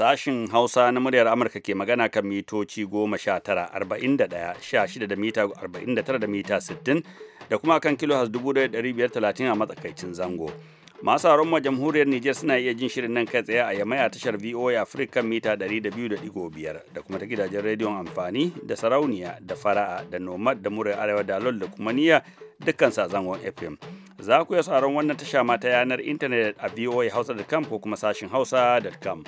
Sashin Hausa na muryar Amurka ke magana kan mitoci goma sha tara da mita arba'in da mita sittin da kuma kan kilo has a matsakaicin zango. Masu haron ma jamhuriyar niger suna iya jin shirin nan kai tsaye a yamai a tashar VOA Africa mita 200.5 da kuma ta gidajen rediyon amfani da sarauniya da fara'a da nomad da murar arewa da lol da kuma niyya dukkan zangon FM. Za ku iya sauran wannan tasha ma ta yanar intanet a voa hausa.com ko kuma sashin hausa.com.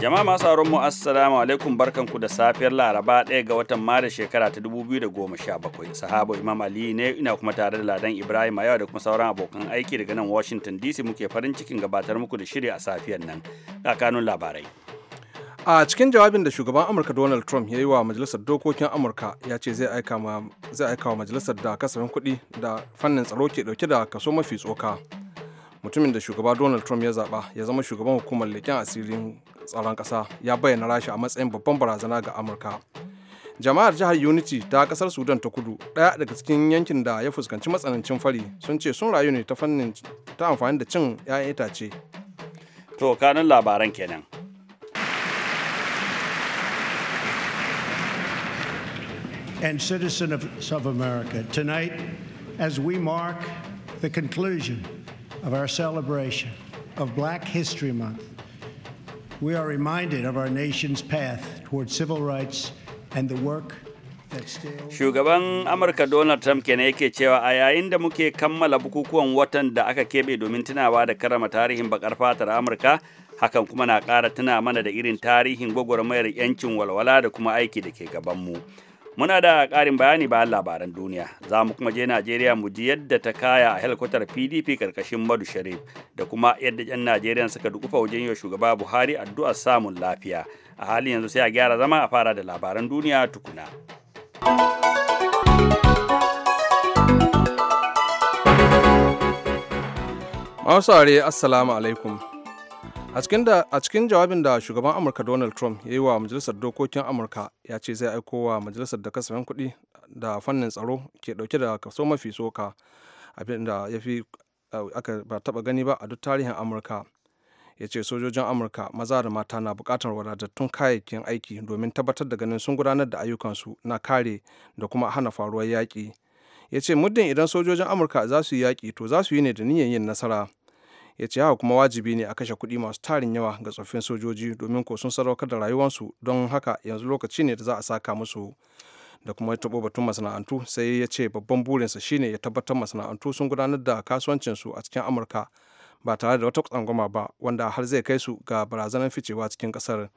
Jama'a masu sauran mu assalamu alaikum barkanku da safiyar Laraba ɗaya ga watan Maris shekara ta 2017. Sahabo Imam Ali ne ina kuma tare da Ladan Ibrahim a yau da kuma sauran abokan aiki daga nan Washington DC muke farin cikin gabatar muku da shiri a safiyar nan. Ga kanun labarai. A cikin jawabin da shugaban Amurka Donald Trump ya yi wa Majalisar Dokokin Amurka ya ce zai aika wa majalisar da kasafin kuɗi da fannin tsaro ke ɗauke da kaso mafi tsoka. Mutumin da shugaba Donald Trump ya zaɓa ya zama shugaban hukumar leƙen asirin tsaron ƙasa ya bayyana rasha a matsayin babban barazana ga amurka jama'ar jihar unity ta kasar sudan ta kudu ɗaya daga cikin yankin da ya fuskanci matsanancin fari sun ce sun rayu ne ta fannin ta amfani da cin 'ya'yan itace to kanin labaran kenan and citizen of, south America. Tonight, as we mark the conclusion of our celebration of Black History Month, we are reminded of our nation's path toward civil rights and the work Shugaban Amurka Donald Trump kenan yake cewa a yayin da muke kammala bukukuwan watan da aka keɓe domin tunawa da karama tarihin bakar fatar Amurka, hakan kuma na ƙara tuna mana da irin tarihin gwagwarmayar 'yancin walwala da kuma aiki da ke gabanmu. mu. muna da karin bayani bayan labaran duniya za mu kuma je najeriya mu ji yadda ta kaya a helikwatar pdp karkashin madu sharif da kuma yadda 'yan najeriya suka dukufa wajen yau shugaba buhari addu'ar samun lafiya a halin yanzu sai a gyara zama a fara da labaran duniya tukuna masu assalamu alaikum a cikin jawabin da shugaban amurka donald trump ya yi wa majalisar dokokin amurka ya ce zai aiko wa majalisar da kasafin kuɗi da fannin tsaro ke dauke da kaso mafi soka abin da ya fi eh, aka ba taba gani ba a duk tarihin amurka ya ce sojojin amurka maza da mata na bukatar wadatattun kayayyakin aiki domin tabbatar da ganin sun gudanar da ayyukansu na kare da kuma hana faruwar yaƙi ya ce muddin idan sojojin amurka za su yi yaƙi to za su yi ne da niyyar yin nasara ya ce haka kuma wajibi ne a kashe kuɗi masu tarin yawa ga tsoffin sojoji domin ko sun sadaukar da rayuwarsu don haka yanzu lokaci ne da za a saka musu da kuma taɓo batun masana'antu sai ya ce babban burinsa shine ya tabbatar masana'antu sun gudanar da kasuwancinsu a cikin amurka ba tare da wata tsangwama ba wanda har zai kai su ga barazanar ficewa cikin ƙasar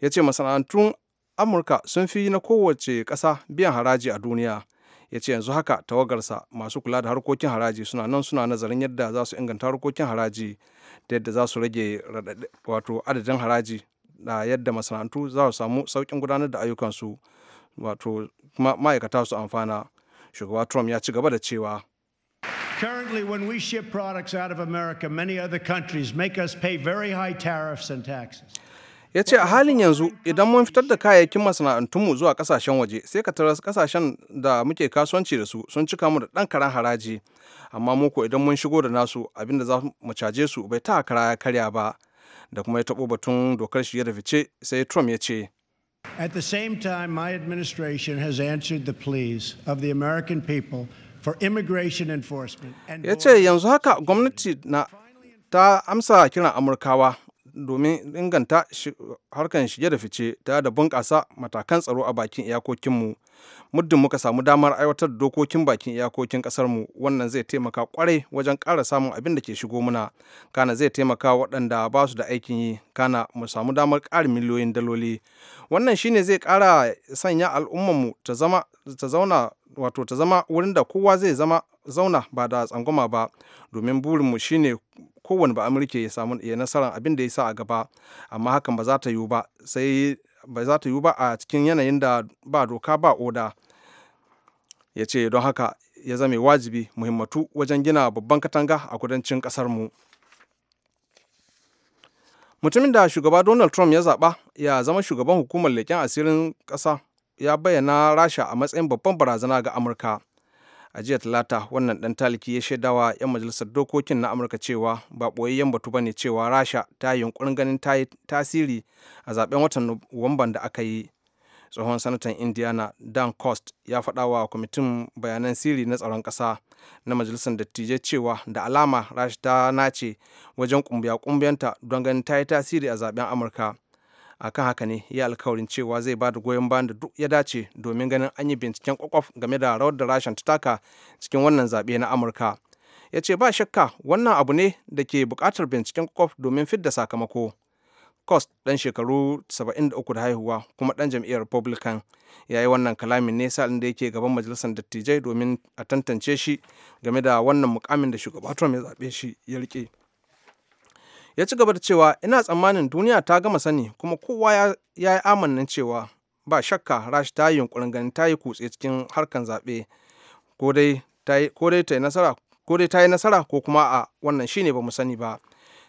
ya ce masana'antun amurka sun fi na kowace ƙasa biyan haraji a duniya ya ce yanzu haka tawagarsa masu kula da harkokin haraji suna nan suna nazarin yadda za su inganta harkokin haraji da yadda za su rage wato adadin haraji da yadda masana'antu za su samu saukin gudanar da ayyukansu wato ma'aikata su amfana shugaba trump ya ci gaba da cewa Currently, when we ship products out of America, many other countries make us pay very high tariffs and taxes. ya ce a halin yanzu idan mun fitar da kayayyakin masana'antunmu zuwa kasashen waje sai ka kasashen da muke kasuwanci da su sun cika mu da ɗan karan haraji amma mu muku idan mun shigo da nasu abinda za mu caje su bai ta kara ya karya ba da kuma ya tabo batun dokar shige da fice sai trump ya ce At the same time, my administration has answered the pleas of the American people for immigration enforcement. Ya ce yanzu haka gwamnati na ta amsa kiran Amurkawa domin inganta harkar shige da fice tare da bunƙasa matakan tsaro a bakin iyakokinmu muddin muka samu damar aiwatar da dokokin bakin iyakokin mu wannan zai taimaka kwarai wajen ƙara samun abin da ke shigo muna kana zai taimaka waɗanda ba su da aikin yi kana mu samu damar ƙarin miliyoyin daloli wannan shine zai ƙara sanya al'ummarmu ta zama ta zauna wato ta zama wurin da kowa zai zama zauna ba da tsangwama ba domin burinmu shine kowane ba amurke ya samu ya nasarar abin da ya sa a gaba amma hakan ba za ta yiwu ba sai ba za ta yiwu ba a cikin yanayin da ba doka ba oda ya ce don haka ya zame wajibi muhimmatu wajen gina babban katanga a kudancin mu mutumin da shugaba donald trump ya zaba ya zama shugaban hukumar leƙen asirin ƙasa ya bayyana rasha a matsayin babban barazana ga amurka a jiya talata wannan dan taliki ya shaidawa 'yan majalisar dokokin na amurka cewa ba yan batu ba ne cewa rasha ta yi yunkurin ganin tasiri a zaben watan nuwamban da aka yi tsohon sanatan indiana dan cost ya faɗa wa kwamitin bayanan sirri na tsaron ƙasa na majalisar dattijai cewa da alama rasha ta nace wajen kumbiya kumbiyanta don ganin ta yi tasiri a zaben amurka akan haka ne ya alkawarin cewa zai ba da goyon bayan da duk ya dace domin ganin an yi binciken kwakwaf game da rawar da rashin ta taka cikin wannan zaɓe na amurka ya ce ba shakka wannan abu ne da ke buƙatar binciken kwakwaf domin fidda sakamako cost ɗan shekaru 73 da haihuwa kuma ɗan jam'iyyar republican ya yi wannan kalamin ne sa'in da yake gaban majalisar dattijai domin a tantance shi game da wannan mukamin da shugaba trump zaɓe shi ya rike ya ci gaba da cewa ina tsammanin duniya ta gama sani kuma kowa ya yi amannin cewa ba shakka rashi ta yi yunkurin ganin ta yi kutse cikin harkan zaɓe ko dai ta yi nasara ko kuma a wannan shi shine ba mu sani ba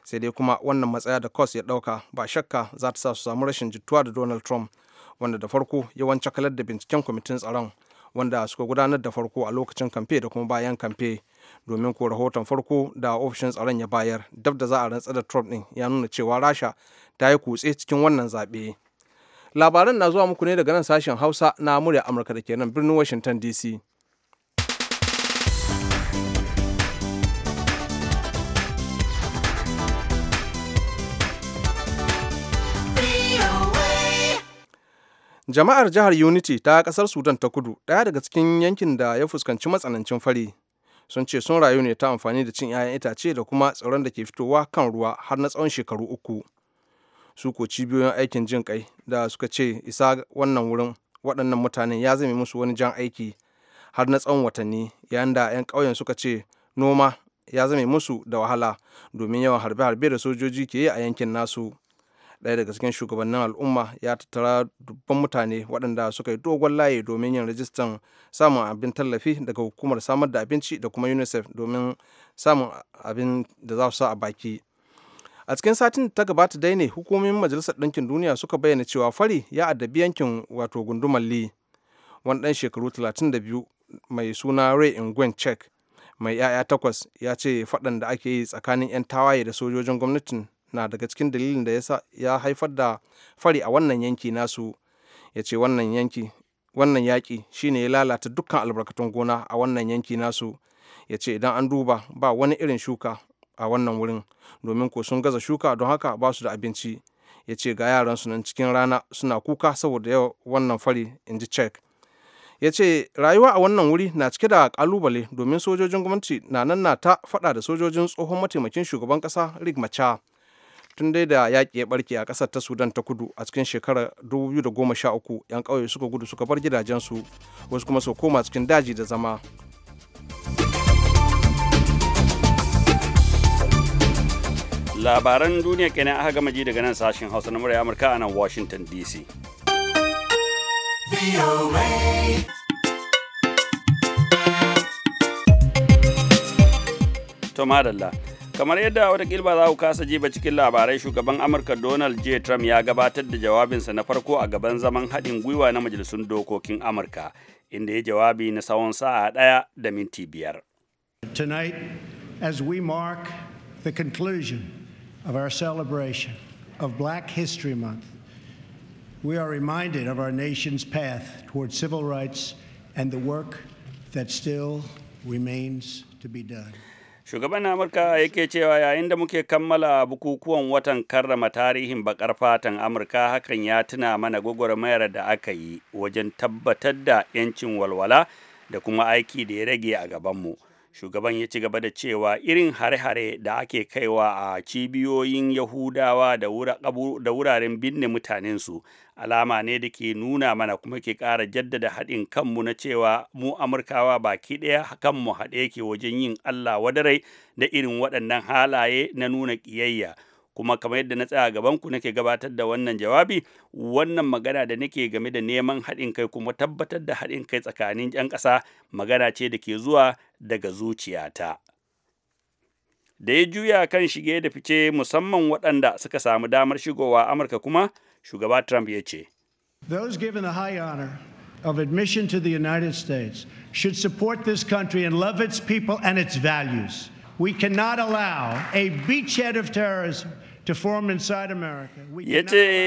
sai dai kuma wannan matsaya da cos ya ɗauka ba shakka za ta sa su samu rashin jituwa da donald trump wanda da farko yawan cakalar da binciken kwamitin tsaron wanda suka gudanar da farko a lokacin kamfe da kuma bayan kamfe domin ko rahoton farko da ofishin tsaron ya bayar dab da za a rantsar da trump din ya nuna cewa rasha ta yi kutse cikin wannan zaɓe labaran na zuwa muku ne daga nan sashen hausa na murya amurka da ke nan birnin washington dc jama'ar jihar unity ta kasar sudan ta kudu ɗaya daga cikin yankin da ya fuskanci matsanancin fari sun ce sun rayu ne ta amfani da cin 'ya'yan itace da kuma tsaron da ke fitowa kan ruwa har na tsawon shekaru uku su ko cibiyoyin aikin jin kai da suka ce isa wannan wurin waɗannan mutanen ya zame musu wani jan aiki har na tsawon watanni yayin da 'yan ƙauyen suka ce noma ya zame musu da wahala domin yawan harbe-harbe da sojoji ke yi a yankin nasu ɗaya daga cikin shugabannin al'umma ya tattara dubban mutane waɗanda suka yi dogon layi domin yin rajistan samun abin tallafi daga hukumar samar da abinci da kuma unicef domin samun abin da za su sa a baki a cikin satin da ta gabata dai ne hukumomin majalisar ɗinkin duniya suka bayyana cewa fari ya addabi yankin wato gundumar li wani ɗan shekaru 32 mai suna ray ingwen check mai 'ya'ya takwas ya ce faɗan da ake yi tsakanin 'yan tawaye da sojojin gwamnatin na daga cikin dalilin da ya haifar da fari a wannan yanki nasu ya ce wannan yanki wannan yaƙi shine ya lalata dukkan albarkatun gona a wannan yanki nasu ya ce idan an duba ba wani irin shuka a wannan wurin domin ko sun gaza shuka don haka ba su da abinci ya ce ga su nan cikin rana suna kuka saboda yau wannan fari in ji cek ya ce rayuwa a wannan wuri na cike da kalubale domin sojojin gwamnati na nan na ta fada da sojojin tsohon mataimakin shugaban kasa rigmacha tun dai da yaƙi ya barke a ƙasar ta sudan ta kudu a cikin shekarar 2013 'yan ƙauye suka gudu suka bar gidajensu wasu kuma su koma cikin daji da zama labaran duniya kenan aka gama ji daga nan sashen hausa na murya amurka a nan washington dc to madalla kamar yadda watakila ba za ku kasa ji ba cikin labarai shugaban amurka donald j trump ya gabatar da jawabinsa na farko a gaban zaman haɗin gwiwa na majalisun dokokin amurka inda ya jawabi na tsawon sa'a ɗaya da minti biyar tonight as we mark the conclusion of our celebration of black history month we are reminded of our nation's path toward civil rights and the work that still remains to be done shugaban amurka yake cewa yayin da muke kammala bukukuwan watan karrama tarihin bakar fatan amurka hakan ya tuna mana gwagwarmayar da aka yi wajen tabbatar da 'yancin walwala da kuma aiki da ya rage a gabanmu. mu shugaban ya ci gaba da cewa irin hare-hare da ake kaiwa a cibiyoyin yahudawa da wuraren binne mutanensu alama ne da ke nuna mana kuma ke ƙara jaddada haɗin kanmu na cewa mu amurkawa baki ɗaya kanmu haɗe ke wajen yin allah wadarai da irin waɗannan halaye na nuna ƙiyayya kuma kamar yadda na tsaya gaban ku nake gabatar da wannan jawabi wannan magana da nake game da neman haɗin kai kuma tabbatar da haɗin kai tsakanin 'yan ƙasa magana ce da ke zuwa daga zuciyata da ya juya kan shige da fice musamman waɗanda suka samu damar shigowa amurka kuma shugaba trump ya ce those given the high honor of admission to the united states should support this country and love its people and its values we cannot allow a beachhead of terrorism Ya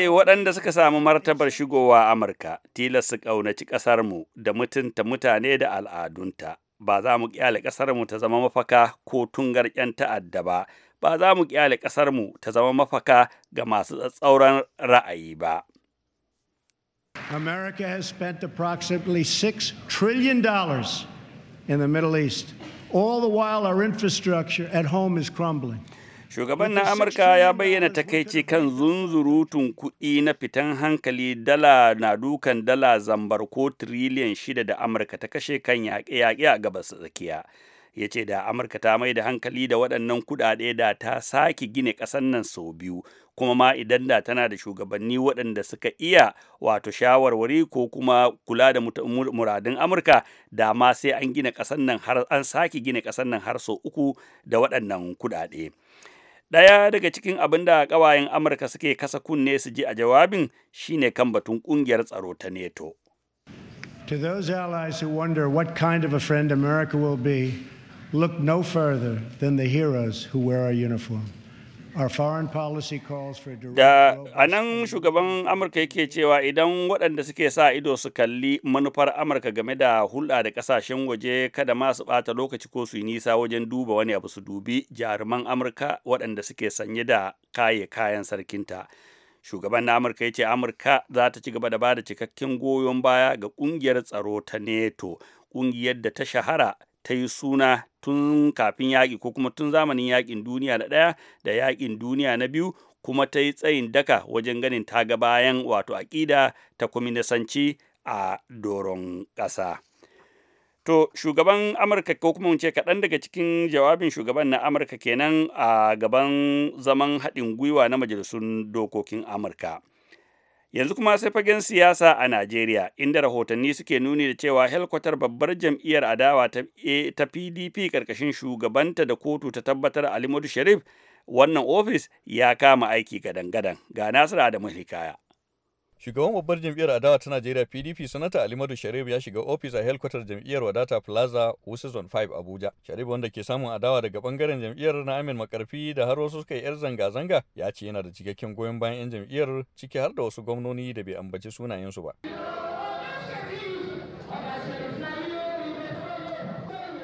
waɗanda suka samu martabar shigowa Amurka tilas su ƙaunaci ƙasarmu da mutunta mutane da al'adunta. Ba za mu ƙyale ƙasarmu ta zama mafaka ko ta'adda ba, ba za mu ƙyale ƙasarmu ta zama mafaka ga masu tsatsauran ra'ayi ba. America has spent approximately $6 trillion in the Middle East. All the while, our infrastructure at home is crumbling. Shugaban na Amurka ya bayyana takaici kan zunzurutun kuɗi na fitan hankali dala na dukan dala zambar ko tiriliyan shida da Amurka ta kashe kan yaƙe-yaƙe a gabas tsakiya. Ya ce da Amurka ta mai da hankali da waɗannan kuɗaɗe da ta sake gine ƙasan nan sau biyu, kuma ma idan da tana da shugabanni waɗanda suka iya wato shawarwari ko kuma kula da muradun Amurka da ma sai an gina ƙasan sake gina ƙasar nan har sau uku da waɗannan kuɗaɗe. Ɗaya daga cikin abin da ƙawayen Amurka suke kasa kunne su ji a jawabin shine kan batun ƙungiyar tsaro ta NATO. To those allies who wonder what kind of a friend America will be, look no further than the heroes who wear our uniform. Da a nan shugaban Amurka yake cewa idan waɗanda suke sa ido su kalli manufar Amurka game da hulɗa da ƙasashen waje kada ma su ɓata lokaci ko su yi nisa wajen duba wani abu su dubi jaruman Amurka waɗanda suke sanye da kaye kayan sarkinta. Shugaban na Amurka ya ce Amurka za ta ci gaba da bada cikakken goyon baya ga ƙungiyar tsaro ta NATO, ƙungiyar da ta shahara ta yi suna tun kafin yaƙi ko kuma tun zamanin yaƙin duniya na ɗaya da yaƙin duniya na biyu kuma ta yi tsayin daka wajen ganin ta ga bayan wato aƙida ta kwaminisanci a doron ƙasa. To shugaban Amurka ko kuma ce kaɗan daga cikin jawabin shugaban na Amurka kenan a gaban zaman haɗin gwiwa na majalisun dokokin Amurka. Yanzu kuma sai fagen siyasa a Najeriya, inda rahotanni suke nuni da cewa helkwatar babbar jam'iyyar adawa ta PDP ƙarƙashin shugabanta da kotu ta tabbatar alimudu Sharif wannan ofis ya kama aiki gadan-gadan ga Nasiru Adamu Hikaya. Shugaban babbar jam'iyyar adawa ta Najeriya PDP Sanata Alimadu Sharif ya shiga ofis a helkwatar jam'iyyar Wadata Plaza Wusu Zone 5 Abuja. Sharif wanda ke samun adawa daga bangaren jam'iyyar na Amin Makarfi da har wasu suka yi yar zanga-zanga ya ce yana da cikakken goyon bayan 'yan jam'iyyar ciki har da wasu gwamnoni da bai ambaci sunayensu ba.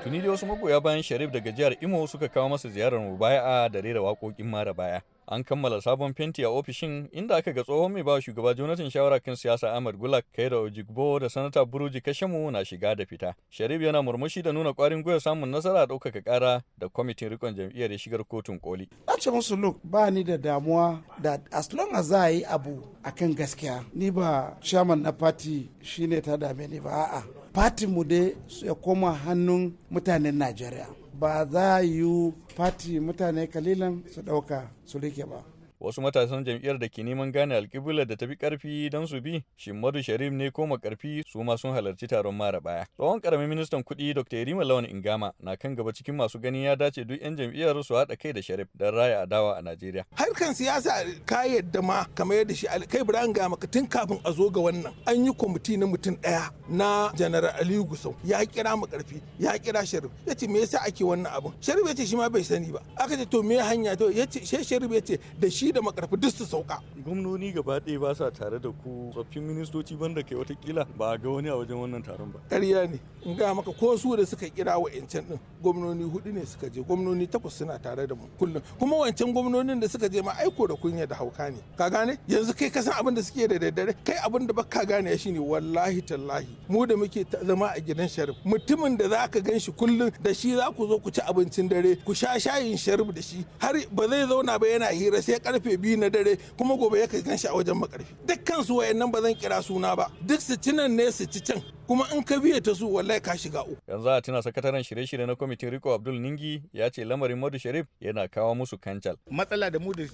Tuni da wasu magoya bayan Sharif daga jihar Imo suka kawo masa ziyarar mubaya'a da rera waƙoƙin mara baya. An kammala sabon fenti a ofishin inda aka ga tsohon mai ba shugaba Jonathan shawara kan siyasa Ahmad Gulak da Ojigbo da sanata Buruji Kashemu na shiga da fita. Sharif yana murmushi da nuna kwarin gwiwa samun nasara a ɗaukaka kara da kwamitin rikon jam'iyyar ya shigar kotun koli. Na ce musu look ba ni da damuwa da as long as za a yi abu akan gaskiya ni ba chairman na party shine ta dame ni ba a'a. mu dai su ya koma hannun mutanen Najeriya. ba za yi fati mutane kalilan su ɗauka su rike ba wasu matasan jam'iyyar da ke neman gane alƙiblar da tafi karfi don su bi shimmadu sharif ne ko makarfi su ma sun halarci taron mara baya tsohon karamin ministan kuɗi dr yarima lawan ingama na kan gaba cikin masu gani ya dace duk yan jam'iyyar su haɗa kai da sharif don raya adawa a najeriya harkan siyasa ka yadda ma kamar yadda shi kai ibrahim gama tun kafin a zo ga wannan an yi kwamiti na mutum ɗaya na janaral aliyu gusau ya kira makarfi ya kira sharif ya ce me yasa ake wannan abun sharif ya ce shi ma bai sani ba aka ce to me hanya to ya ce sharif ya ce da shi da makarfi duk su sauka gwamnoni gaba ɗaya ba sa tare da ku tsoffin ministoci ke kai watakila ba ga wani a wajen wannan taron ba ƙarya ne in ga maka ko su da suka kira wa wa'ancan din gwamnoni hudu ne suka je gwamnoni takwas suna tare da mu kullum kuma wancan gwamnonin da suka je ma aiko da kunya da hauka ne ka gane yanzu kai kasan abin da suke da daddare kai abin da baka gane shi ne wallahi tallahi mu da muke zama a gidan sharif mutumin da zaka gan shi kullum da shi za ku zo ku ci abincin dare ku sha shayin sharif da shi har ba zai zauna ba yana hira sai karfe karfe biyu na dare kuma gobe ya kai shi a wajen makarfi dukkan su wayannan ba zan kira suna ba duk su ci nan ne su ci can kuma in ka biya ta su wallahi ka shiga uku yanzu a tuna sakataren shirye-shirye na kwamitin riko abdul ningi ya ce lamarin madu sharif yana kawo musu kancal matsala da mu da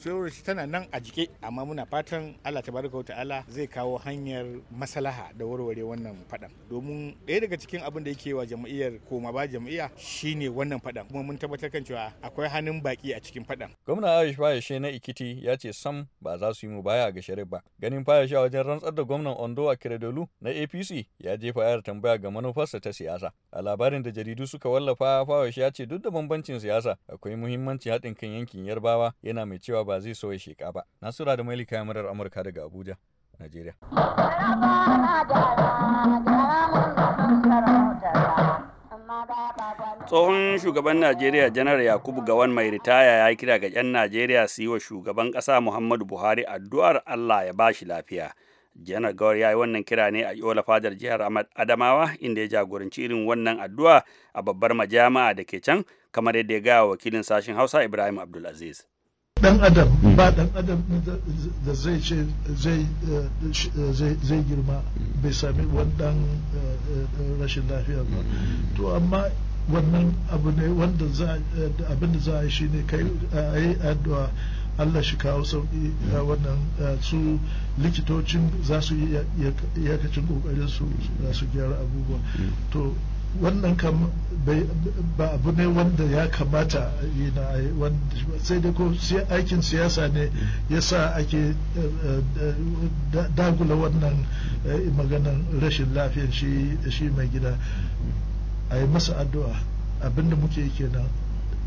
tana nan a jike amma muna fatan allah ta tabaraka ta'ala zai kawo hanyar masalaha da warware wannan fadan domin ɗaya daga cikin abin da yake wa jam'iyyar koma ba jam'iyya shine wannan fadan kuma mun tabbatar kan cewa akwai hannun baki a cikin fadan gwamna aisha fayashe na ikiti ya ce sam ba za su yi mu baya ga sharif ba ganin fayashe wajen rantsar da gwamnan ondo a kiredolu na apc ya jefa ƙara tambaya ga manufarsa ta siyasa. A labarin da jaridu suka wallafa shi ya ce duk da bambancin siyasa akwai muhimmanci haɗin kan yankin Yarbawa yana mai cewa ba zai so ya sheka ba. Nasura da Mailika Yamarar Amurka daga Abuja, Najeriya. tsohon shugaban najeriya janar yakubu gawan mai ritaya ya kira ga 'yan najeriya su yi wa shugaban ƙasa muhammadu buhari addu'ar allah ya ba shi lafiya janar gawar ya yi wannan kira ne a yola fadar jihar adamawa inda ya jagoranci irin wannan addu'a a babbar majama'a da ke can kamar yadda ya gaya wakilin sashen hausa ibrahim abdulaziz dan adam hmm. ba dan adam da zai ce eh, eh, zai girma bai sami wannan eh, rashin lafiya ba hmm. to amma wannan abu ne wanda abin da za a yi shi ne kai a yi addu'a Allah shi kawo sauki ga wannan su likitocin za su yi iyakacin su za su gyara abubuwa to wannan kam ba abu ne wanda ya kamata sai dai ko aikin siyasa ne ya sa ake eh, eh, dagula wannan eh, maganan rashin lafiyan shi mai gida a yi masa addu'a abinda muke kenan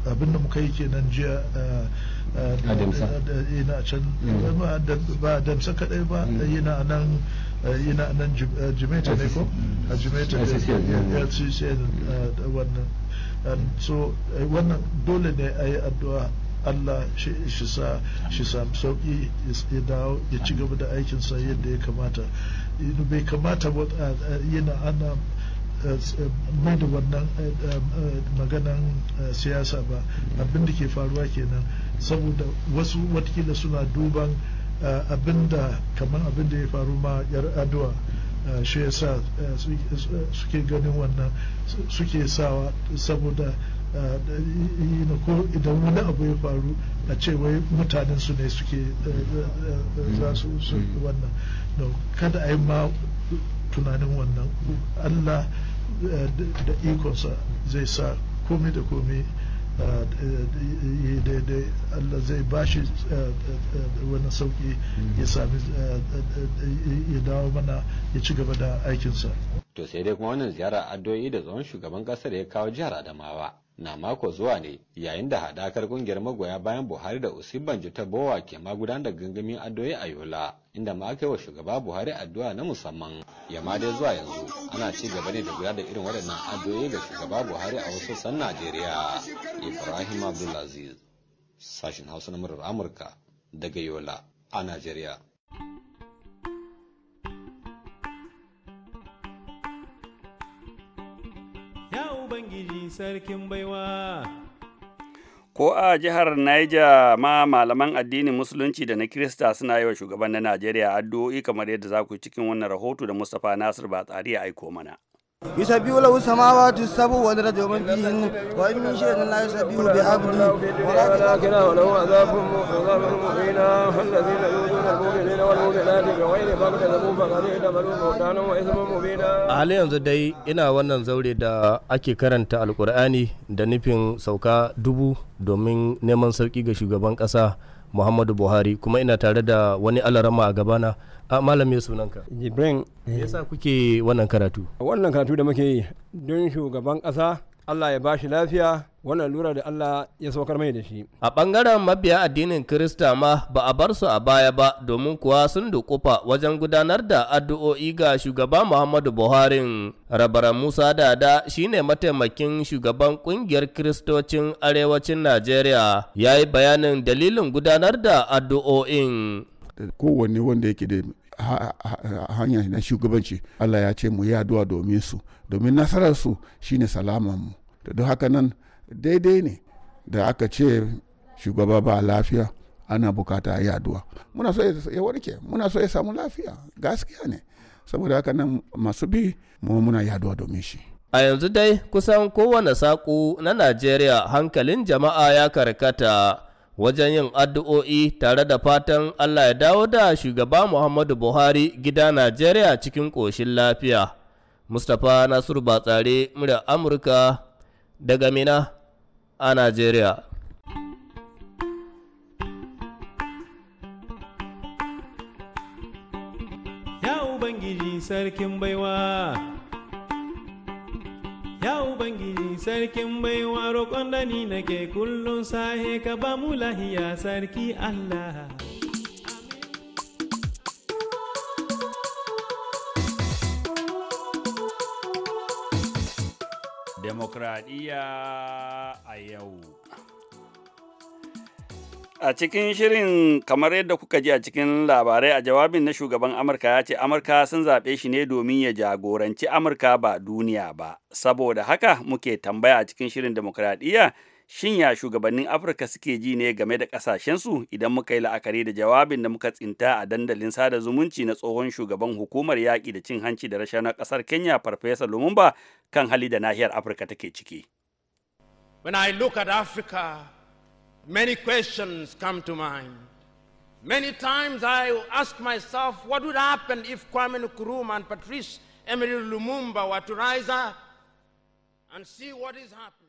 abinda muka yi kenan jiya eh, eh, a can mm. ba damsa kadai ba mm. yana nan eh, yana nan jimaita ne ko mm. a jimaita ne ya ci da wannan so wannan dole ne a yi addu'a Allah shi sa shi samu sauki ya dawo ya ci gaba da aikinsa yadda ya kamata bai kamata yana ana mai da wannan eh, eh, maganan eh, siyasa ba abin da ke faruwa kenan saboda wasu watakila suna duban abin da kamar abin da ya faru ma yar adwa shi yasa suke ganin wannan suke sawa saboda ko idan wani abu ya faru a ce wai mutanen su ne suke za su wannan kada a yi ma tunanin wannan allah da ikonsa zai sa komai da komai daidai Allah zai bashi wani sauki ya sami ya dawo mana ya ci gaba da aikinsa. To sai dai kuma wannan ziyara addu'o'i da tsohon shugaban kasar ya kawo jihar Adamawa na mako zuwa ne yayin da hadakar kungiyar magoya bayan Buhari da Usman ta Bowa ke ma gudanar da gangamin addu'o'i a Yola inda ma aka yi wa shugaba Buhari addu'a na musamman Yama dai zuwa yanzu ana ci gaba ne da gudanar da irin waɗannan addu'o'i ga shugaba Buhari a wasu san Najeriya Ibrahim Abdulaziz sashin Hausa na murar Amurka daga Yola a Najeriya sarkin baiwa. Ko a jihar Niger ma malaman addinin Musulunci da na Kirista suna yi wa shugaban na Najeriya addu'o'i kamar yadda za ku cikin wannan rahoto da Mustapha Nasir ba tsari ya aiko mana. يسبح له السماوات السبع والأرض ومن فيهن وإن من شيء لا يسبح بحمده ولكن له عذاب عذاب مهينا الذين يؤذون المؤمنين والمؤمنات بغير ما اكتسبوا فقد احتملوا بهتانا وإثما مبينا. A halin yanzu dai ina wannan zaure da ake karanta Alƙur'ani da nufin sauka dubu domin neman sauƙi ga shugaban ƙasa muhammadu buhari kuma ina tare da wani alarama a gabana a malame sunanka jibrin eh. me yasa kuke wannan karatu wannan karatu da muke yi don shugaban ƙasa Allah ya bashi lafiya wannan lura da Allah ya saukar mai da shi. A ɓangaren mabiya addinin Kirista ma ba a bar su a baya ba domin kuwa sun dukufa wajen gudanar da addu'o'i ga shugaba Muhammadu Buhari. Rabara Musa Dada shi ne mataimakin shugaban ƙungiyar Kiristocin Arewacin Najeriya ya yi bayanin dalilin gudanar da addu'o'in. Kowanne wanda yake da hanya na shugabanci Allah ya ce mu yi addu'a domin su domin nasararsu shine salamanmu da duk haka nan daidai ne da aka ce shugaba ba lafiya ana bukata yaduwa muna so ya warke muna so ya samu lafiya gaskiya ne saboda haka nan masu bi mu muna yaduwa domin shi a yanzu dai kusan kowane saƙo na najeriya hankalin jama'a ya karkata wajen yin addu'o'i tare da fatan allah ya dawo da shugaba muhammadu buhari gida najeriya cikin ƙoshin lafiya mustapha nasiru batsare murya amurka daga Mina a Najeriya. Ya Ubangiji sarkin baiwa, ya Ubangiji sarkin baiwa roƙon da ni nake kullum sahe ka ba mu lahiya sarki Allah. Demokradiyya a yau. A cikin shirin kamar yadda kuka ji a cikin labarai a jawabin na shugaban Amurka ya ce Amurka sun zaɓe shi ne domin ya jagoranci Amurka ba duniya ba. Saboda haka muke tambaya a cikin shirin demokradiyya shin ya shugabannin afirka suke ji ne game da kasashensu idan muka yi la'akari da jawabin da muka tsinta a dandalin sada zumunci na tsohon shugaban hukumar yaƙi da cin hanci da rashawa na ƙasar kenya farfesa lumumba kan hali da nahiyar afirka take ciki when i look at africa many questions come to mind many times i ask myself what would happen if kwame nkrumah and patrice emery lumumba were to rise up and see what is happening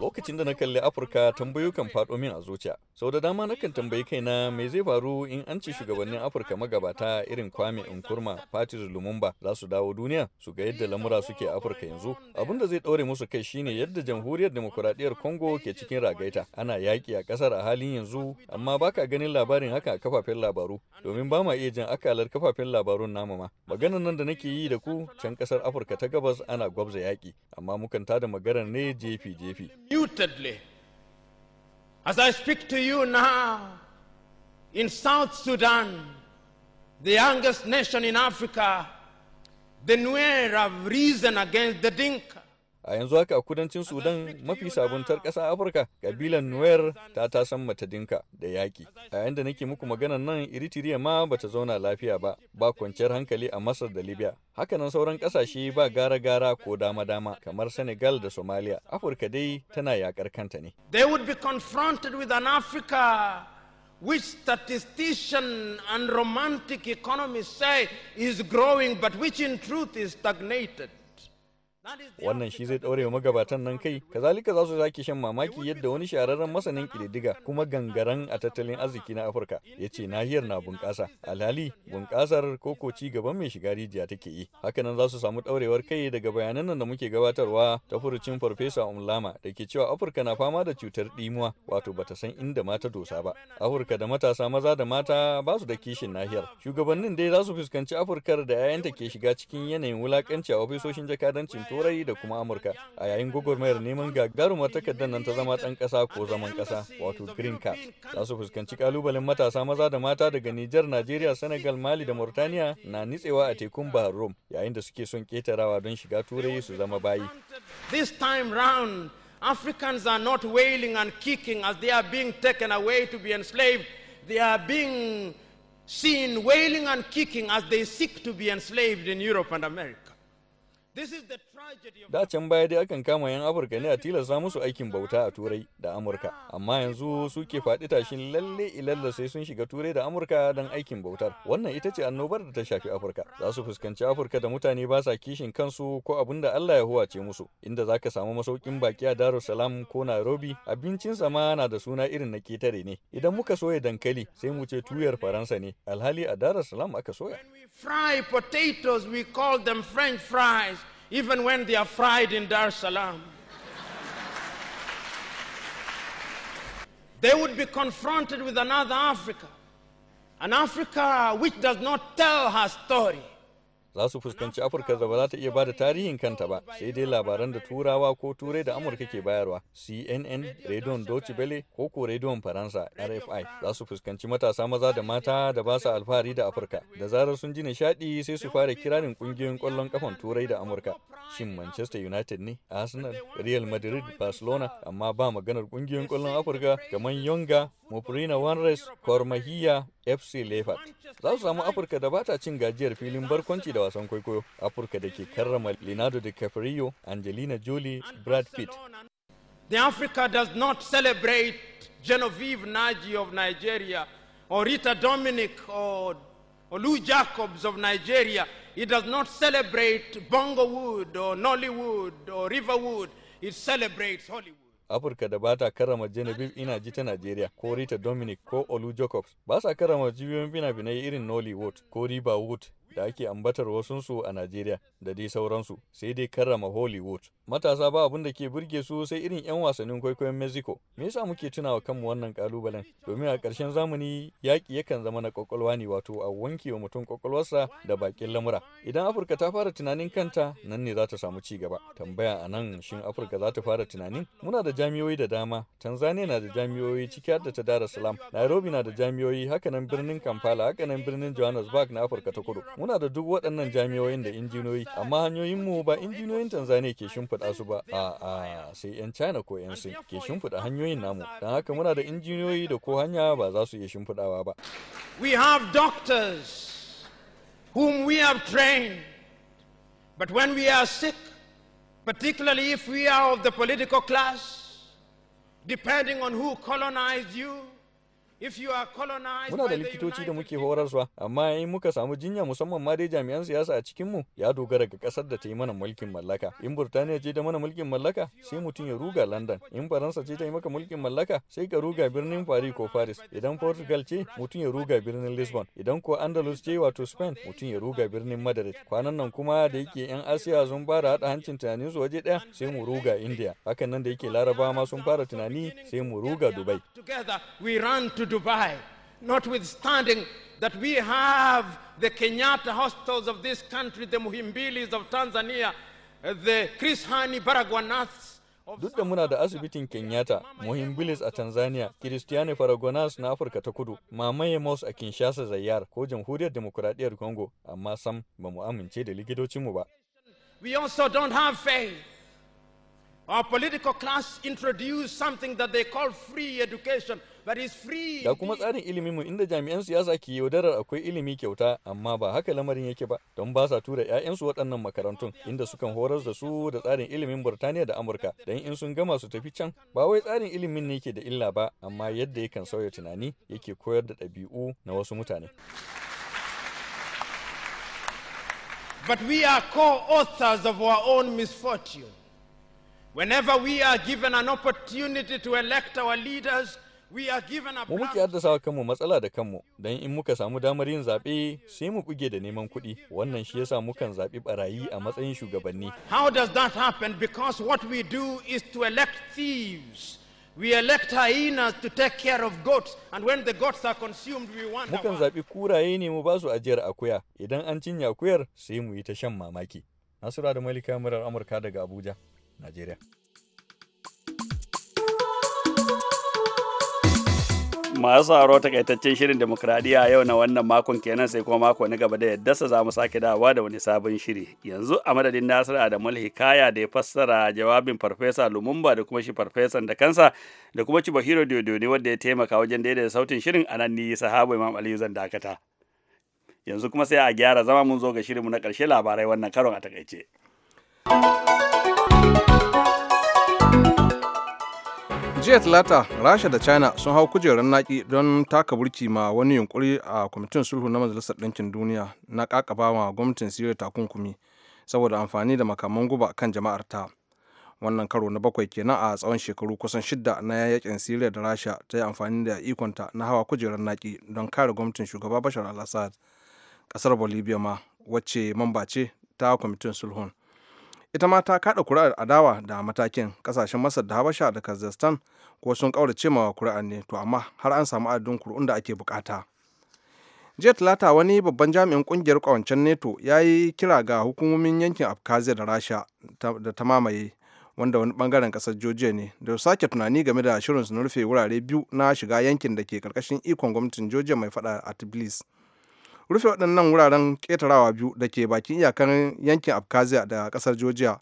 Lokacin da na kalli Afirka tambayoyi kan faɗo min a zuciya. sau da dama nakan tambayi kaina mai zai faru in an ci shugabannin afirka magabata irin kwame nkurma fatir lumumba za su dawo duniya su ga yadda lamura suke afirka yanzu abin da zai ɗaure musu kai shine yadda jamhuriyar demokuraɗiyyar congo ke cikin ragaita ana yaƙi a ƙasar a halin yanzu amma baka ganin labarin haka a kafafen labaru domin ba ma iya jan akalar kafafen labarun namu ma maganar nan da nake yi da ku can ƙasar afirka ta gabas ana gwabza yaƙi amma mukan tada maganar ne jefi jefi As I speak to you now, in South Sudan, the youngest nation in Africa, the Nuer have risen against the Dinka. a yanzu haka a kudancin sudan mafi sabuntar ƙasa afirka kabilan nuwer ta tasan mata dinka da yaƙi a yayin nake muku maganan nan eritrea ma bata zauna lafiya ba ba kwanciyar hankali a masar da libya hakanan sauran ƙasashe ba gara-gara ko dama-dama kamar senegal da somalia afirka dai tana yakar kanta ne they would be confronted with an africa which statistician and romantic economists say is growing but which in truth is stagnated wannan shi zai ɗaure magabatan nan kai kazalika za su sake shan mamaki yadda wani shahararren masanin ƙididdiga kuma gangaren a tattalin arziki na afirka ya ce nahiyar na bunƙasa alhali bunƙasar koko ci gaban mai shiga rijiya take yi hakanan za su samu ɗaurewar kai daga bayanan nan da muke gabatarwa ta furucin farfesa umlama da ke cewa afirka na fama da cutar ɗimuwa wato bata san inda mata dosa ba afirka da matasa maza da mata ba su da kishin nahiyar shugabannin dai za su fuskanci afirkar da 'ya'yanta ke shiga cikin yanayin wulakanci a ofisoshin jakadancin turai da kuma amurka a yayin gugurmayar neman gagarumar takardar nan ta zama ɗan ƙasa ko zaman ƙasa wato green card za su fuskanci kalubalen matasa maza da mata daga nijar najeriya senegal mali da mauritania na nitsewa a tekun bahar rom yayin da suke son ketarawa don shiga turai su zama bayi this time round africans are not wailing and kicking as they are being taken away to be enslaved they are being seen wailing and kicking as they seek to be enslaved in Europe and America. Da can baya dai akan kama 'yan Afirka ne a tilasta musu aikin bauta a Turai da Amurka, amma yanzu suke faɗi tashin lalle ilalla sai sun shiga Turai da Amurka don aikin bautar. Wannan ita ce annobar da ta shafi Afirka. Za su fuskanci Afirka da mutane ba sa kishin kansu ko abin da Allah ya huwace musu, inda za ka samu masaukin baki a Darussalam ko Nairobi, abincin sama na da suna irin na ketare ne. Idan muka soya dankali sai mu ce tuyar Faransa ne, alhali a Darussalam aka soya. Fry potatoes we call them French fries. even when they are fried in Dar es Salaam. they would be confronted with another Africa, an Africa which does not tell her story. za su fuskanci afirka da ba za ta iya bada tarihin kanta ba sai dai labaran da turawa ko turai da amurka ke bayarwa cnn rediyon deutsche welle ko ko rediyon faransa rfi za su fuskanci matasa maza da mata da ba su alfahari da afirka da zarar sun ji nishadi sai su fara kirarin kungiyoyin kwallon kafan turai da amurka shin manchester united ne arsenal real madrid barcelona amma ba maganar kungiyoyin kwallon afirka kamar yonga mopurina wanres kormahiya fc leopard za su samu afirka da bata cin gajiyar filin barkwanci da wasan kwaikwayo afirka da ke karrama leonardo dicaprio angelina jolie brad pitt the africa does not celebrate genevieve naji of nigeria or rita dominic or Olu Jacobs of Nigeria, it does not celebrate Bongo Wood or Nollywood or Riverwood, it celebrates Hollywood. Afirka da ba ta karama Genevieve ji ta Najeriya ko Rita Dominic ko Olu Jacobs ba sa karama jibiyoyin bina finai irin Nollywood ko Riba Wood da ake ambatar wasunsu a Najeriya da dai sauransu sai dai karrama Hollywood. Matasa ba abin da ke burge su sai irin 'yan wasannin kwaikwayon Mexico. Me yasa muke tunawa kanmu wannan kalubalen? Domin a ƙarshen zamani yaƙi yakan zama na kwakwalwa ne wato a wanke wa mutum kwakwalwarsa da bakin lamura. Idan Afirka ta fara tunanin kanta nan ne za ta samu ci gaba. Tambaya a nan shin Afirka za ta fara tunanin? Muna da jami'oi da dama. Tanzania na da jami'oi ciki har da ta Dar es Salaam. Nairobi na da jami'oi hakanan birnin Kampala nan birnin Johannesburg na Afirka ta Kudu. Muna da duk waɗannan da amma hanyoyinmu ba Tanzania ke shimfiɗa su ba, a a China Sin ke shimfiɗa hanyoyin namu, don haka muna da da ko hanya ba za su iya shimfiɗawa ba. We have doctors whom we have trained, but when we are sick, particularly if we are of the political class, depending on who colonized you, Muna da likitoci da muke horarwa, amma in muka samu jinya musamman ma dai jami'an siyasa a cikinmu ya dogara ga kasar da ta yi mana mulkin mallaka. In Burtaniya ce ta mana mulkin mallaka sai mutum ya ruga London. In Faransa ce ta yi maka mulkin mallaka sai ka ruga birnin Paris ko Paris. Idan Portugal ce mutum ya ruga birnin Lisbon. Idan ko Andalus ce wato Spain mutum ya ruga birnin Madrid. Kwanan nan kuma da yake 'yan Asiya sun fara haɗa hancin tunanin su waje ɗaya sai mu ruga India. Hakan nan da yake Larabawa ma sun fara tunani sai mu ruga Dubai. Dubai, notwithstanding that we have the Kenyatta hostels of this country, the Muhimbilis of Tanzania, the Chris Hani Baragwanaths Duk da muna da asibitin Kenyatta, Muhimbilis a Tanzania, Cristiano Faragonas na Afirka ta Kudu, mamaye Maus a Kinshasa Zayyar ko Jamhuriyar Demokuraɗiyyar Congo, amma sam ba mu amince da likitocinmu ba. We also don't have faith. Our political class introduced something that they call free education, Da kuma tsarin ilimin mu inda jami'an siyasa ke yaudarar akwai ilimi kyauta amma ba haka lamarin yake ba don ba sa tura 'ya'yansu waɗannan makarantun inda sukan horar da su da tsarin ilimin Burtaniya da Amurka don in sun gama su tafi can ba wai tsarin ilimin ne ke da illa ba amma yadda ya kan sauya tunani yake koyar da ɗabi'u na wasu mutane. But we co-authors of our own Whenever we are given an opportunity to elect our leaders, Mu muke haddasa wa kanmu matsala da kanmu, don in muka samu damar yin zaɓe sai mu kuge da neman kuɗi. Wannan shi yasa mukan zaɓi ɓarayi a matsayin shugabanni. How does that happen? Because what we do is to elect thieves. We elect hyenas to take care of goats, and when the goats are consumed, we want Mukan zaɓi kuraye ne mu ba su ajiyar akuya, idan an cinye akuyar sai mu yi ta shan mamaki. Nasura da Malika Murar Amurka daga Abuja, Najeriya. masu haro takaitaccen shirin demokradiyya yau na wannan makon kenan sai kuma mako na gaba da yadda sa za mu sake dawa da wani sabon shiri yanzu a madadin nasiru adamul hikaya da ya fassara jawabin farfesa lumumba da kuma shi farfesan da kansa da kuma ci bahiro ne wanda ya taimaka wajen daida sautin shirin anan ni sahabu imam aliyu zan dakata yanzu kuma sai a gyara zama mun zo ga shirinmu na ƙarshe labarai wannan karon a takaice. jiya talata rasha da china sun hau kujerar naki don taka burki ma wani yunkuri a kwamitin sulhu na majalisar ɗinkin duniya na kakaba ma gwamnatin siriya takunkumi saboda amfani da makaman guba kan jama'ar ta wannan karo na bakwai kenan a tsawon shekaru kusan shida na yakin siriya da rasha ta yi amfani da ikonta na hawa kujerar naki don kare gwamnatin shugaba bashar al-assad ƙasar bolivia ma wacce mamba ce ta kwamitin sulhun ita ma ta kada kuri'ar adawa da matakin kasashen masar da habasha da kazakhstan ko sun kaurace ma kuri'ar ne to amma har an samu adadin kuri'un da ake bukata jiya talata wani babban jami'in kungiyar kawancen neto ya yi kira ga hukumomin yankin abkhazia da rasha da ta mamaye wanda wani bangaren kasar georgia ne da sake tunani game da shirin na rufe wurare biyu na shiga yankin da ke karkashin ikon gwamnatin georgia mai fada a tbilisi rufe waɗannan wuraren ƙetarawa biyu da ke bakin iyakar yankin abkhazia da ƙasar georgia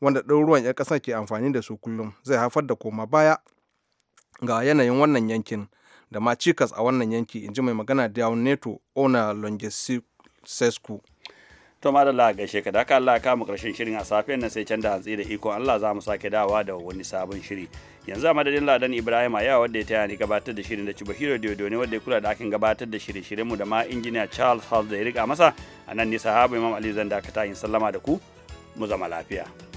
wanda ɗaruruwan 'yan ƙasar ke amfani da su kullum zai haifar da koma baya ga yanayin wannan yankin da ma cikas a wannan yanki in ji mai magana da yawon neto ona longesescu to madalla ga ka da haka Allah ya kama karshen shirin a safiyar nan sai can da hantsi da iko Allah za mu sake dawa da wani sabon shiri yanzu a madadin ladan ibrahim yawa wadda ya taya ni gabatar da shirin da ci bashiro diodo ne wadda ya kula da akin gabatar da shirin shirin mu da ma injiniya charles hall da ya rika masa a nan nisa sahaba imam ali zan dakata in sallama da ku mu zama lafiya